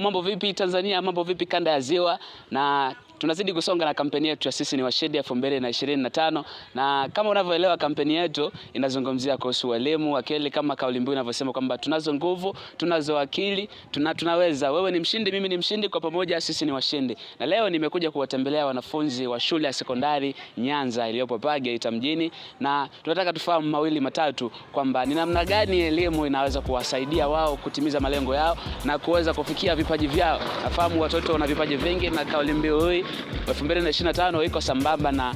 mambo vipi Tanzania, mambo vipi kanda ya Ziwa, na tunazidi kusonga na kampeni yetu ya sisi ni Washedi elfu mbili na ishirini na tano na kama unavyoelewa kampeni yetu inazungumzia kuhusu elimu akili, kama kauli mbiu inavyosema kwamba tunazo nguvu, tunazo akili, tuna, tunaweza. Wewe ni mshindi, mimi ni mshindi, kwa pamoja sisi ni washindi. Na leo nimekuja kuwatembelea wanafunzi wa shule ya sekondari Nyanza iliyopo pale Geita mjini, na tunataka tufahamu mawili matatu kwamba ni namna gani elimu inaweza kuwasaidia wao kutimiza malengo yao na kuweza kufikia vipaji vyao. Nafahamu watoto wana vipaji vingi na kauli mbiu hii 2025 iko sambamba na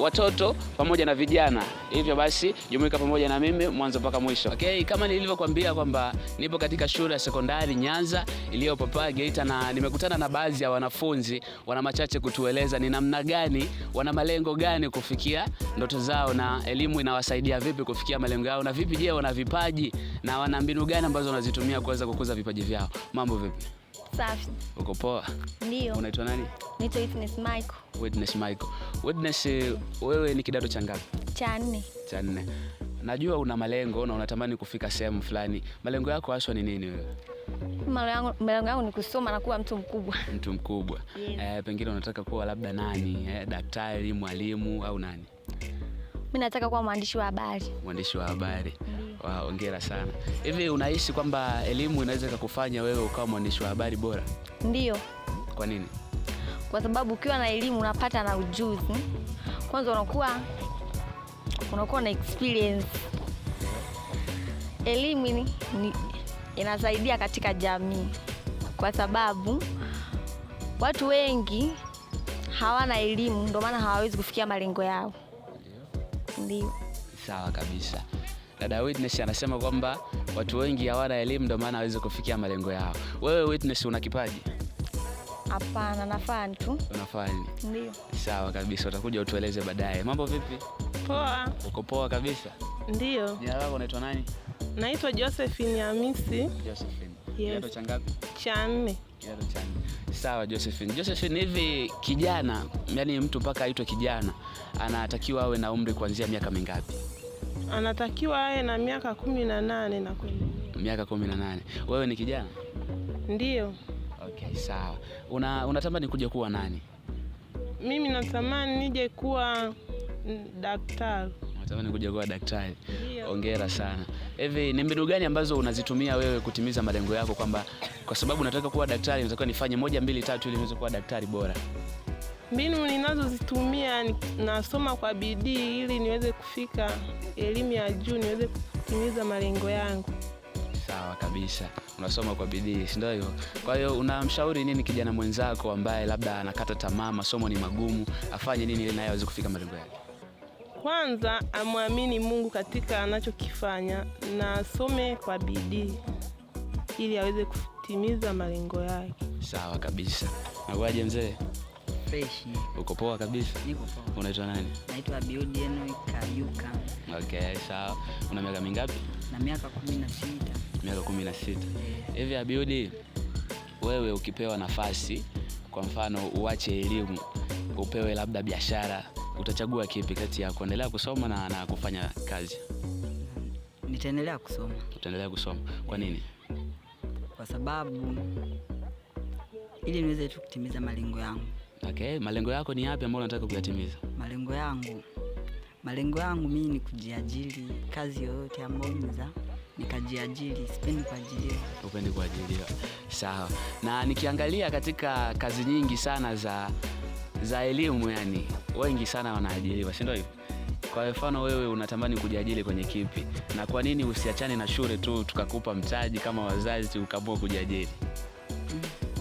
watoto pamoja na vijana. Hivyo basi jumuika pamoja na mimi mwanzo mpaka mwisho. Okay, kama nilivyokuambia kwamba nipo katika shule ya sekondari Nyanza iliyopo paa Geita, na nimekutana na baadhi ya wanafunzi, wana machache kutueleza ni namna gani, wana malengo gani kufikia ndoto zao, na elimu inawasaidia vipi kufikia malengo yao, na vipi, je, wana vipaji na wana mbinu gani ambazo wanazitumia kuweza kukuza vipaji vyao? Mambo vipi? Safi. Uko poa? Ndio. Unaitwa nani? Naitwa Witness Michael. Witness Michael. Witness, wewe ni kidato cha ngapi? Cha nne. Cha nne. Najua una malengo na unatamani kufika sehemu fulani. Malengo yako haswa ni nini wewe? Malengo yangu ni kusoma na kuwa mtu mkubwa. Mtu mkubwa. Yes. Eh, pengine unataka kuwa labda nani? Eh, daktari, mwalimu au nani? Mimi nataka kuwa mwandishi wa habari. Mwandishi wa habari. Mm ongera sana. Hivi unahisi kwamba elimu inaweza ikakufanya wewe ukawa mwandishi wa habari bora? ndio Kwa nini? Kwa sababu ukiwa na elimu unapata na ujuzi. Kwanza unakuwa unakuwa na experience. Elimu ni, ni inasaidia katika jamii kwa sababu watu wengi hawana elimu, ndio maana hawawezi kufikia malengo yao. ndio Sawa kabisa. Dada Witness anasema kwamba watu wengi hawana elimu ndio maana hawezi kufikia malengo yao. Wewe Witness una kipaji? Hapana, nafani tu. Unafani? Ndio. Sawa kabisa, utakuja utueleze baadaye. Mambo vipi? Poa. Uko poa kabisa? Ndio. Jina lako unaitwa nani? Naitwa Josephine Hamisi. Josephine. Yes. Kidato cha ngapi? Cha nne. Kidato cha nne. Sawa Josephine. Josephine, hivi kijana, yani mtu mpaka aitwe kijana anatakiwa awe na umri kuanzia miaka mingapi? anatakiwa aye na miaka kumi na nane na kuendelea. Miaka kumi na nane. Wewe ni kijana? Ndiyo. Okay, sawa. Una unatamani kuja kuwa nani? Mimi natamani nije kuwa daktari. Natamani kuja kuwa daktari. Hongera sana. Hivi ni mbinu gani ambazo unazitumia wewe kutimiza malengo yako, kwamba kwa sababu nataka kuwa daktari, nataka nifanye moja mbili tatu ili niweze kuwa daktari bora? Mbinu ninazozitumia nasoma kwa bidii ili niweze kufika elimu ya juu, niweze kutimiza malengo yangu. Sawa kabisa, unasoma kwa bidii, si ndio hivyo? Kwa hiyo unamshauri nini kijana mwenzako ambaye labda anakata tamaa, masomo ni magumu, afanye nini ili naye aweze kufika malengo yake? Kwanza amwamini Mungu katika anachokifanya na asome kwa bidii ili aweze kutimiza malengo yake. Sawa kabisa. Nakuaje mzee? fresh. Uko poa kabisa? Niko poa. Unaitwa nani? Naitwa Abiodieno Kayuka. Okay, sawa. Una miaka mingapi? Na miaka 16. Miaka 16. Hivi Abiodi, wewe ukipewa nafasi, kwa mfano uache elimu, upewe labda biashara, utachagua kipi kati ya kuendelea kusoma na, na kufanya kazi? Nitaendelea kusoma. Utaendelea kusoma. Kwa nini? Kwa sababu ili niweze tu kutimiza malengo yangu. Okay, malengo yako ni yapi ambayo unataka kuyatimiza? Malengo yangu, malengo yangu mimi ni kujiajiri, kazi yoyote ambayo niza nikajiajiri, sipendi kuajiriwa. Upendi kuajiriwa, sawa. Na nikiangalia katika kazi nyingi sana za za elimu, yani wengi sana wanaajiriwa, si ndio hivyo? Kwa mfano wewe unatamani kujiajiri kwenye kipi, na kwa nini usiachane na shule tu tukakupa mtaji kama wazazi ukaamua kujiajiri? mm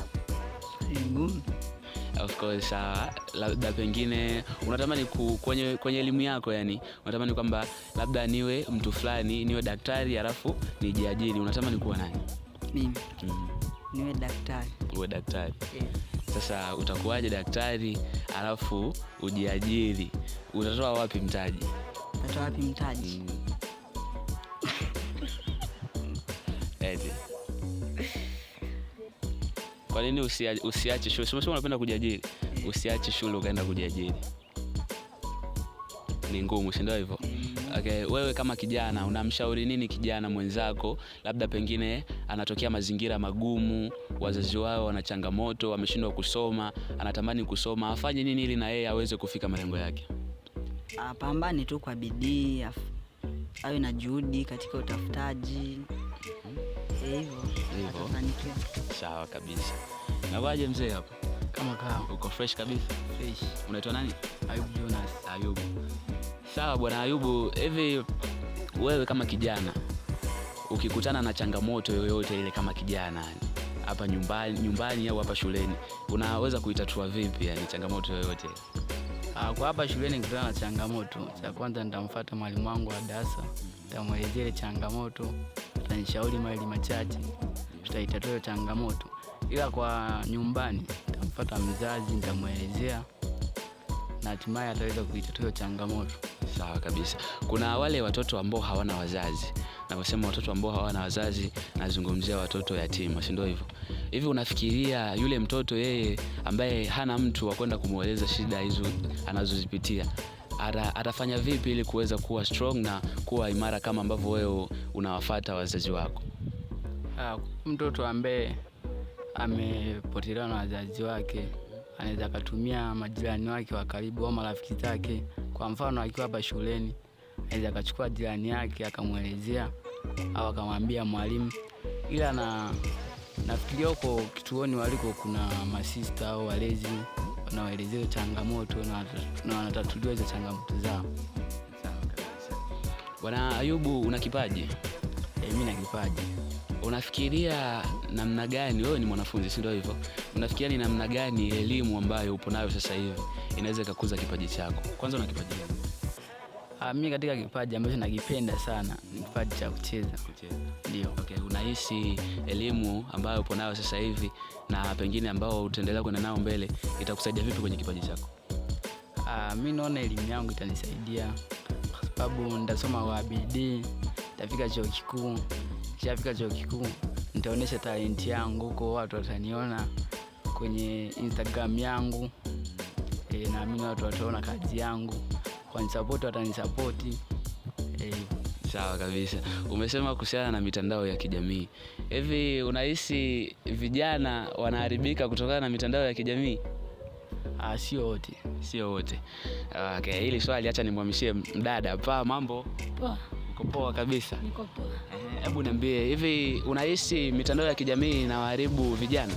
kukuchokesha labda pengine unatamani ku, kwenye, kwenye elimu yako yani unatamani kwamba labda niwe mtu fulani niwe daktari halafu nijiajiri unatamani kuwa nani mimi mm. niwe daktari uwe daktari yeah. sasa utakuwaje daktari halafu ujiajiri utatoa wapi mtaji utatoa wapi mtaji mm. Kwa nini usiache shule? Sema unapenda kujiajiri, usiache shule ukaenda kujiajiri, ni ngumu, si ndio hivyo? Okay, wewe kama kijana unamshauri nini kijana mwenzako, labda pengine anatokea mazingira magumu, wazazi wao wana changamoto, wameshindwa kusoma, anatamani kusoma, afanye nini ili na yeye aweze kufika malengo yake? Apambane ah, tu kwa bidii, awe na juhudi katika utafutaji hivyo sawa kabisa. Nakuaje mzee hapa? Kama kawa. Uko fresh kabisa? Fresh. Unaitwa nani? Ayubu Jonas. Ayubu. Sawa bwana Ayubu, hivi wewe kama kijana ukikutana na changamoto yoyote ile kama kijana hapa nyumbani, nyumbani au hapa shuleni unaweza kuitatua vipi yani changamoto yoyote? Ah, kwa hapa shuleni nikutana na changamoto, cha kwanza nitamfuata mwalimu wangu wa darasa, nitamwelezea changamoto, atanishauri mawili machache, tutaitatua hiyo changamoto. Ila kwa nyumbani nitamfuata mzazi, nitamwelezea na hatimaye ataweza kuitatua hiyo changamoto. Sawa kabisa. Kuna wale watoto ambao hawana wazazi, navyosema watoto ambao hawana wazazi, nazungumzia watoto yatima, si ndio hivyo? Hivi unafikiria yule mtoto yeye ambaye hana mtu wa kwenda kumweleza shida hizo anazozipitia atafanya vipi ili kuweza kuwa strong na kuwa imara kama ambavyo wewe unawafata wazazi wako? Uh, mtoto ambaye amepotelewa na wazazi wake anaweza akatumia majirani wake wa karibu au marafiki zake. Kwa mfano, akiwa hapa shuleni anaweza akachukua jirani yake akamwelezea au akamwambia mwalimu, ila na Nafikiria huko kituoni waliko kuna masista au walezi wanawaelezea changamoto na wanatatuliwa hizo changamoto zao. Bwana Ayubu, una kipaji? E, mi na kipaji. Unafikiria namna gani, wewe ni mwanafunzi sindo hivyo? Unafikiria ni namna gani elimu ambayo upo nayo sasa hivi inaweza ikakuza kipaji chako? Kwanza una kipaji ah, mi katika kipaji ambacho nakipenda sana ni kipaji cha kucheza. ndi hisi elimu ambayo upo nayo sasa hivi na pengine ambao utaendelea kwenda nao mbele itakusaidia vipi kwenye kipaji chako? Uh, mi naona elimu yangu itanisaidia kwa sababu nitasoma kwa bidii, nitafika chuo kikuu. kishafika chuo kikuu nitaonyesha talenti yangu huko, watu wataniona kwenye Instagram yangu e, naamini watu wataona kazi yangu, kwanisapoti watanisapoti e. Eh, Sawa kabisa. Umesema kuhusiana na mitandao ya kijamii, hivi unahisi vijana wanaharibika kutokana na mitandao ya kijamii? Ah, sio wote, sio wote. Okay, hili swali hacha nimwamishie mdada. Pa, mambo Uko poa kabisa? Eh, hebu niambie, hivi unahisi mitandao ya kijamii inawaharibu vijana?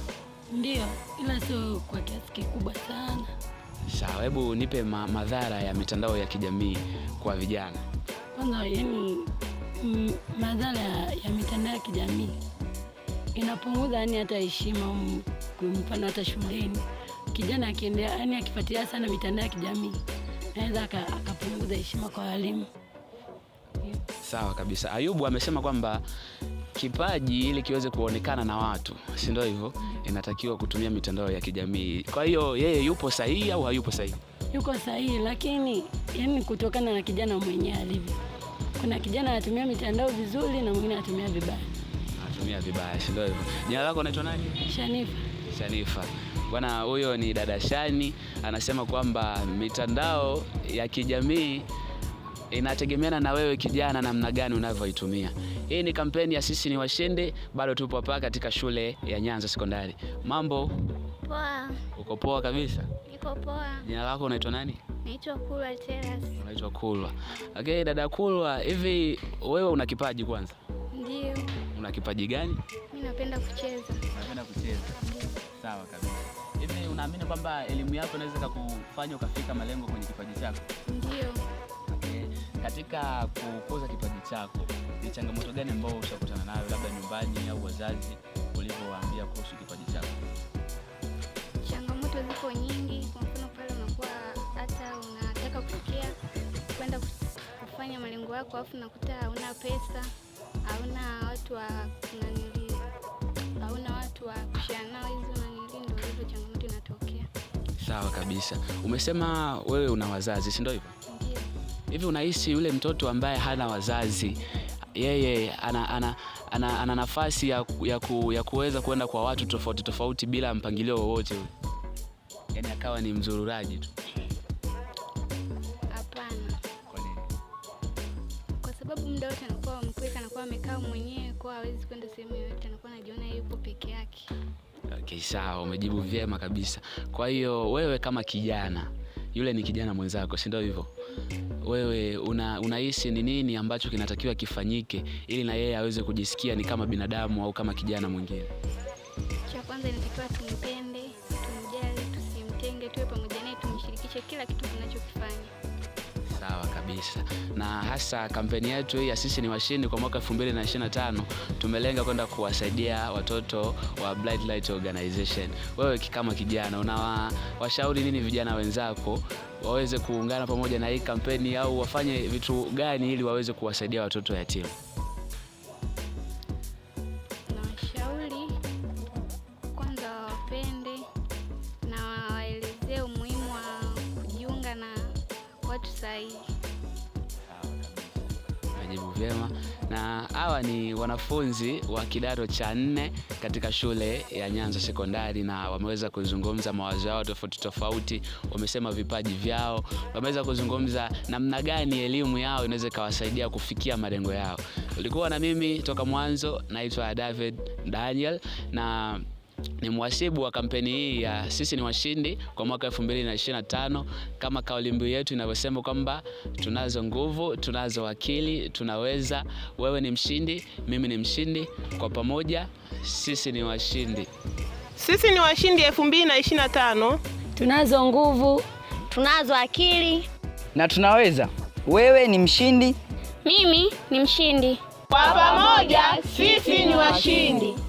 Ndio, ila sio kwa kiasi kikubwa sana. Sawa, hebu nipe ma madhara ya mitandao ya kijamii kwa vijana. Kwanza yani, madhara ya mitandao ya kijamii inapunguza yani hata heshima mfano hata shuleni kijana akiendea yani akifuatilia sana mitandao ya kijamii naweza akapunguza heshima kwa walimu. Sawa kabisa. Ayubu amesema kwamba kipaji ili kiweze kuonekana na watu, si ndio hivyo? Mm-hmm. Inatakiwa kutumia mitandao ya kijamii. Kwa hiyo yeye yupo sahihi au hayupo sahihi? yuko sahihi, lakini yani kutokana na kijana mwenyewe alivyo, kuna kijana anatumia mitandao vizuri na mwingine anatumia vibaya. Anatumia vibaya, si ndio hivyo? Jina lako unaitwa nani? Shanifa. Shanifa. Bwana huyo ni dada Shani, anasema kwamba mitandao ya kijamii inategemeana na wewe kijana, namna gani unavyoitumia. Hii ni kampeni ya sisi ni washinde, bado tupo hapa katika shule ya Nyanza Sekondari. Mambo Poa. Uko poa kabisa? Niko poa. Jina lako unaitwa nani? Naitwa Kulwa Teras. Unaitwa Kulwa. Okay, dada Kulwa, hivi wewe una kipaji kwanza? Ndio. Una kipaji gani? Mimi napenda kucheza. Napenda kucheza. Sawa kabisa. Hivi unaamini kwamba elimu yako inaweza kukufanya ukafika malengo kwenye kipaji chako? Ndio. Okay. Katika kukuza kipaji chako, ni changamoto gani ambayo ushakutana nayo labda nyumbani au wazazi ulivyowaambia kuhusu kipaji chako? changamoto ziko nyingi. Kwa mfano pale unakuwa hata unataka kutokea kwenda kufanya malengo yako, afu nakuta hauna pesa, hauna watu wa nanili, hauna watu wa kushia nao hizo nanili, ndo hizo changamoto inatokea. Sawa kabisa. Umesema wewe una wazazi, si ndio hivyo? Hivi unahisi yule mtoto ambaye hana wazazi yeye ana, ana ana, ana nafasi ya, ya, ku, ya kuweza kuenda kwa watu tofauti tofauti bila mpangilio wowote ule? yani akawa ni mzururaji tu? Hapana. Kwa nini? Kwa sababu muda wote anakuwa mpweke, anakuwa amekaa mwenyewe, kwa hawezi kwenda sehemu yoyote, anakuwa anajiona yupo peke yake. Okay, sawa, umejibu vyema kabisa. Kwa hiyo wewe kama kijana, yule ni kijana mwenzako, si ndio hivyo? Wewe unahisi una ni nini ambacho kinatakiwa kifanyike ili na yeye aweze kujisikia ni kama binadamu au kama kijana mwingine? Cha kwanza inatakiwa cha kila kitu kinachokifanya Sawa kabisa. Na hasa kampeni yetu hii ya sisi ni washindi kwa mwaka 2025 tumelenga kwenda kuwasaidia watoto wa Bright Light Organization. Wewe kama kijana unawashauri nini vijana wenzako waweze kuungana pamoja na hii kampeni au wafanye vitu gani ili waweze kuwasaidia watoto yatima? hawa ni wanafunzi wa kidato cha nne katika shule ya Nyanza Sekondari, na wameweza kuzungumza mawazo yao tofauti tofauti. Wamesema vipaji vyao, wameweza kuzungumza namna gani elimu yao inaweza ikawasaidia kufikia malengo yao. Ulikuwa na mimi toka mwanzo, naitwa David Daniel na ni mhasibu wa kampeni hii ya Sisi ni Washindi kwa mwaka 2025 kama kauli mbiu yetu inavyosema kwamba tunazo nguvu, tunazo akili, tunaweza. Wewe ni mshindi, mimi ni mshindi, kwa pamoja sisi ni washindi. Sisi ni washindi 2025. Tunazo nguvu, tunazo akili na tunaweza. Wewe ni mshindi, mimi ni mshindi, kwa pamoja sisi ni washindi.